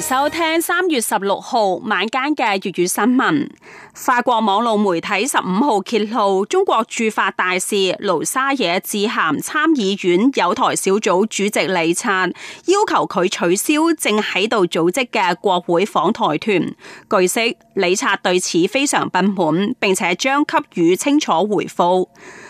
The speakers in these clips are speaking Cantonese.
收聽三月十六號晚間嘅粵語新聞。法國網絡媒體十五號揭露，中國駐法大使盧沙野致函參議院友台小組主席李燦，要求佢取消正喺度組織嘅國會訪台團。據悉，李燦對此非常不滿，並且將給予清楚回覆。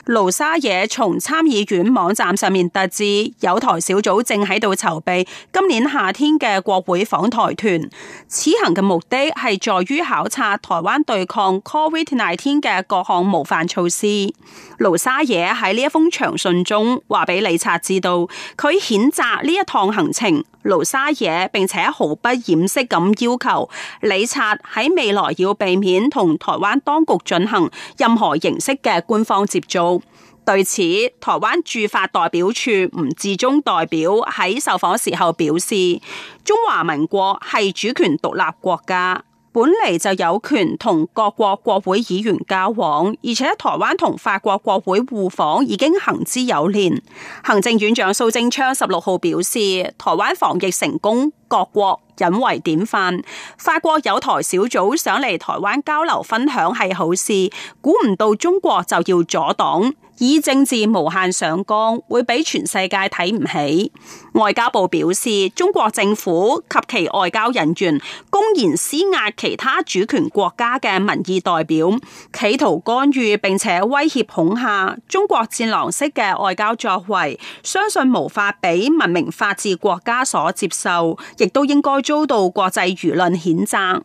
盧沙野從參議院網站上面得知，友台小組正喺度籌備今年夏天嘅國會訪台團。此行嘅目的係在於考察台灣對抗 COVID-19 嘅各項模範措施。盧沙野喺呢一封長信中話俾李察知道，佢譴責呢一趟行程。盧沙野並且毫不掩飾咁要求李察喺未來要避免同台灣當局進行任何形式嘅官方接觸。對此，台灣駐法代表處吳志中代表喺受訪時候表示，中華民國係主權獨立國家，本嚟就有權同各國國會議員交往，而且台灣同法國國會互訪已經行之有年。行政院長蘇貞昌十六號表示，台灣防疫成功，各國，引為典範，法國友台小組上嚟台灣交流分享係好事，估唔到中國就要阻擋。以政治無限上綱，會俾全世界睇唔起。外交部表示，中國政府及其外交人員公然施壓其他主權國家嘅民意代表，企圖干預並且威脅恐嚇，中國戰狼式嘅外交作為，相信無法俾文明法治國家所接受，亦都應該遭到國際輿論譴責。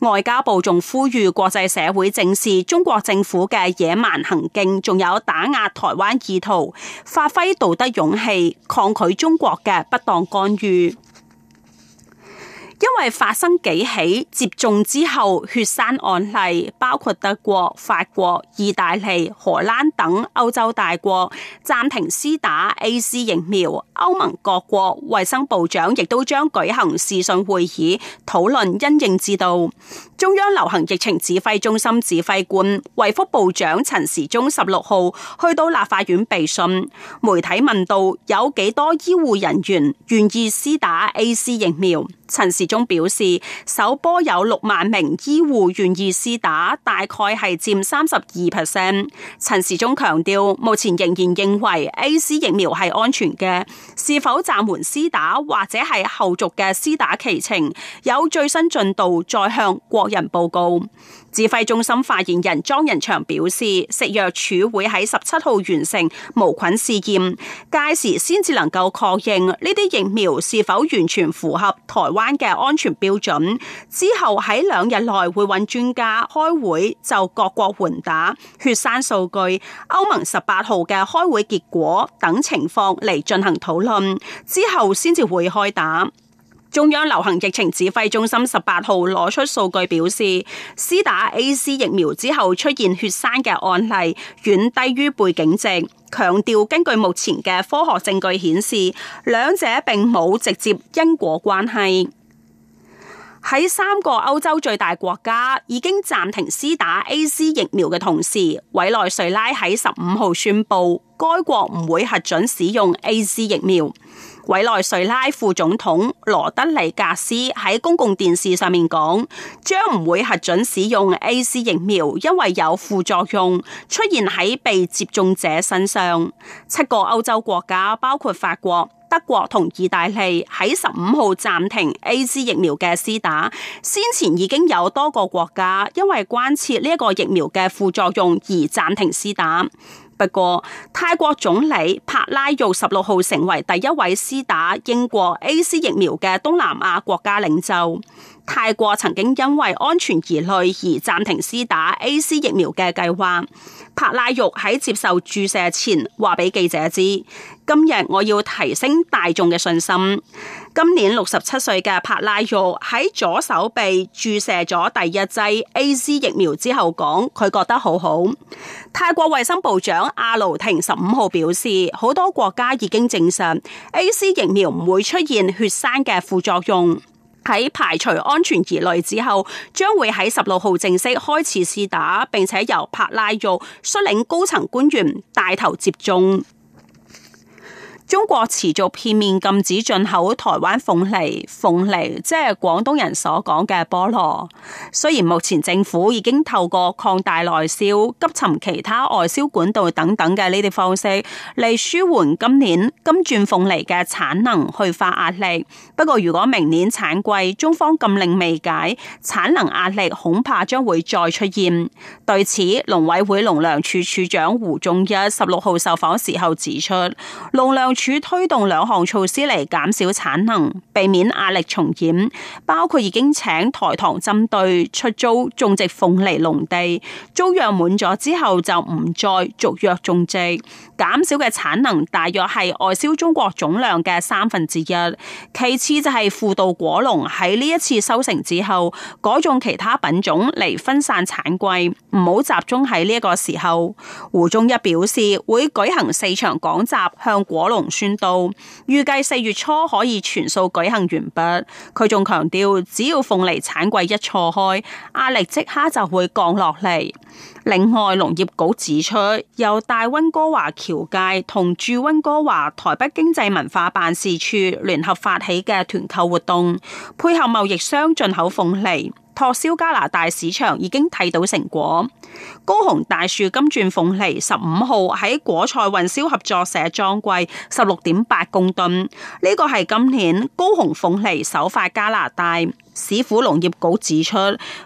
外交部仲呼籲國際社會正視中國政府嘅野蠻行徑，仲有打壓台灣意圖，發揮道德勇氣，抗拒中國嘅不當干預。係發生幾起接種之後血栓案例，包括德國、法國、意大利、荷蘭等歐洲大國暫停施打 A Z 疫苗。歐盟各國衛生部長亦都將舉行視訊會議討論因應制度。中央流行疫情指揮中心指揮官衛福部長陳時中十六號去到立法院備詢，媒體問到有幾多醫護人員願意施打 A Z 疫苗？陳時中。表示首波有六萬名醫護願意施打，大概係佔三十二 percent。陳時中強調，目前仍然認為 AZ 疫苗係安全嘅，是否暫緩施打或者係後續嘅施打期程，有最新進度再向國人報告。指揮中心發言人莊仁祥表示，食藥署會喺十七號完成無菌試驗，屆時先至能夠確認呢啲疫苗是否完全符合台灣嘅安。全標準，之後喺兩日內會揾專家開會，就各國緩打血栓數據、歐盟十八號嘅開會結果等情況嚟進行討論，之後先至會開打。中央流行疫情指揮中心十八號攞出數據表示，施打 AZ 疫苗之後出現血栓嘅案例遠低於背景值，強調根據目前嘅科學證據顯示，兩者並冇直接因果關係。喺三個歐洲最大國家已經暫停施打 AZ 疫苗嘅同時，委內瑞拉喺十五號宣布，該國唔會核准使用 AZ 疫苗。委內瑞拉副總統羅德里格斯喺公共電視上面講，將唔會核准使用 AZ 疫苗，因為有副作用出現喺被接種者身上。七個歐洲國家包括法國。德國同意大利喺十五號暫停 AZ 疫苗嘅施打，先前已經有多個國家因為關切呢一個疫苗嘅副作用而暫停施打。不過，泰國總理柏拉育十六號成為第一位施打英國 AZ 疫苗嘅東南亞國家領袖。泰國曾經因為安全疑慮而暫停施打 AZ 疫苗嘅計劃。帕拉玉喺接受注射前話俾記者知，今日我要提升大眾嘅信心。今年六十七歲嘅帕拉玉喺左手臂注射咗第一劑 AZ 疫苗之後，講佢覺得好好。泰國衛生部長阿努廷十五號表示，好多國家已經證實 AZ 疫苗唔會出現血栓嘅副作用。喺排除安全疑慮之後，將會喺十六號正式開始施打，並且由帕拉育率領高層官員帶頭接種。中國持續片面禁止進口台灣鳳梨，鳳梨即係廣東人所講嘅菠蘿。雖然目前政府已經透過擴大內銷、急尋其他外銷管道等等嘅呢啲方式，嚟舒緩今年金鑽鳳梨嘅產能去化壓力。不過，如果明年產季中方禁令未解，產能壓力恐怕將會再出現。對此，農委會農糧署署長胡忠一十六號受訪時候指出，農糧。處推動兩項措施嚟減少產能，避免壓力重演，包括已經請台糖針對出租種植鳳梨農地，租約滿咗之後就唔再續約種植。減少嘅產能大約係外銷中國總量嘅三分之一。其次就係輔導果農喺呢一次收成之後改種其他品種嚟分散產季，唔好集中喺呢一個時候。胡忠一表示會舉行四場講習向果農宣導，預計四月初可以全數舉行完畢。佢仲強調，只要鳳梨產季一錯開，壓力即刻就會降落嚟。另外，農業局指出，由大溫哥華僑界同駐溫哥華台北經濟文化辦事處聯合發起嘅團購活動，配合貿易商進口鳳梨。拓銷加拿大市場已經睇到成果，高雄大樹金鑽鳳梨十五號喺果菜運銷合作社裝櫃十六點八公噸，呢個係今年高雄鳳梨首發加拿大。市府農業局指出，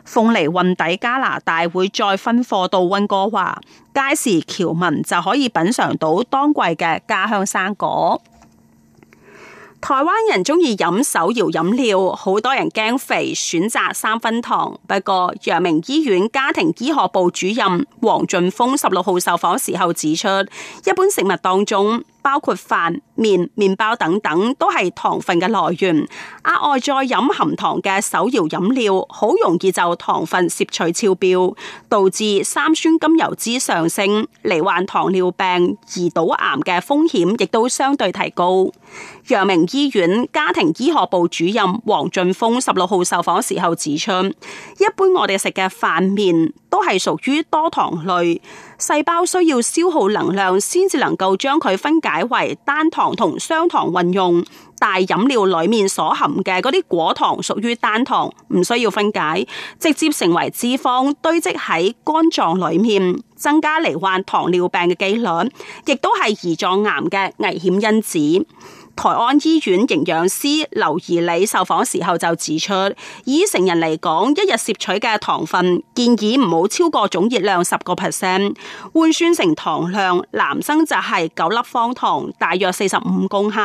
鳳梨運抵加拿大會再分貨到溫哥華屆時，僑民就可以品嘗到當季嘅家鄉生果。台灣人鍾意飲手搖飲料，好多人驚肥，選擇三分糖。不過，陽明醫院家庭醫學部主任黃俊峰十六號受訪時候指出，一般食物當中，包括飯、麵、麵包等等，都係糖分嘅來源。額、啊、外再飲含糖嘅手搖飲料，好容易就糖分攝取超標，導致三酸甘油脂上升，罹患糖尿病、胰島癌嘅風險亦都相對提高。陽明醫院家庭醫學部主任黃俊峰十六號受訪時候指出，一般我哋食嘅飯麵。係屬於多糖類，細胞需要消耗能量先至能夠將佢分解為單糖同雙糖運用。但飲料裏面所含嘅嗰啲果糖屬於單糖，唔需要分解，直接成為脂肪堆積喺肝臟裏面，增加罹患糖尿病嘅機率，亦都係胰臟癌嘅危險因子。台安醫院營養師劉怡禮受訪時候就指出，以成人嚟講，一日攝取嘅糖分建議唔好超過總熱量十個 percent，換算成糖量，男生就係九粒方糖，大約四十五公克；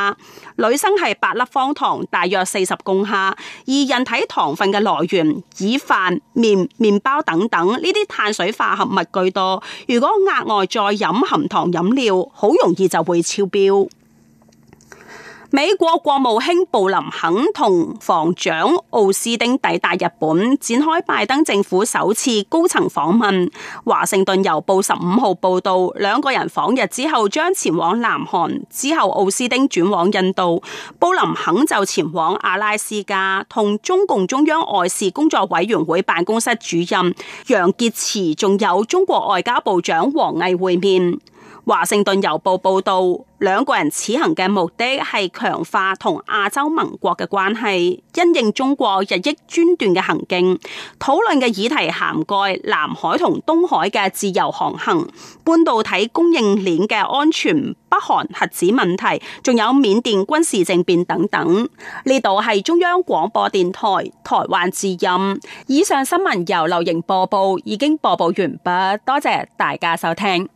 女生係八粒方糖，大約四十公克。而人體糖分嘅來源，以飯、麵、麵包等等呢啲碳水化合物居多。如果額外再飲含糖飲料，好容易就會超標。美國國務卿布林肯同防長奧斯丁抵達日本，展開拜登政府首次高層訪問。華盛頓郵報十五號報道，兩個人訪日之後將前往南韓，之後奧斯丁轉往印度，布林肯就前往阿拉斯加，同中共中央外事工作委員會辦公室主任楊潔篪，仲有中國外交部長王毅會面。華盛頓郵報報道，兩個人此行嘅目的係強化同亞洲盟國嘅關係，因應中國日益專斷嘅行徑。討論嘅議題涵蓋南海同東海嘅自由航行、半導體供應鏈嘅安全、北韓核子問題，仲有緬甸軍事政變等等。呢度係中央廣播電台台灣之音。以上新聞由劉瑩播報，已經播報完畢，多謝大家收聽。